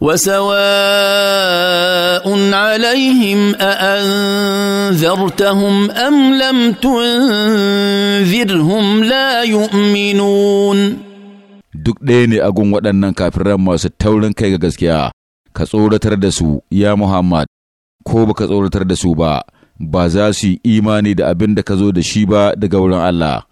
وسواء عليهم أأنذرتهم أم لم تنذرهم لا يؤمنون duk ɗaya ne agun waɗannan kafiran masu taurin kai ga gaskiya ka tsoratar da su ya Muhammad ko ka tsoratar da su ba ba za su yi imani da abin da ka zo da shi ba daga wurin Allah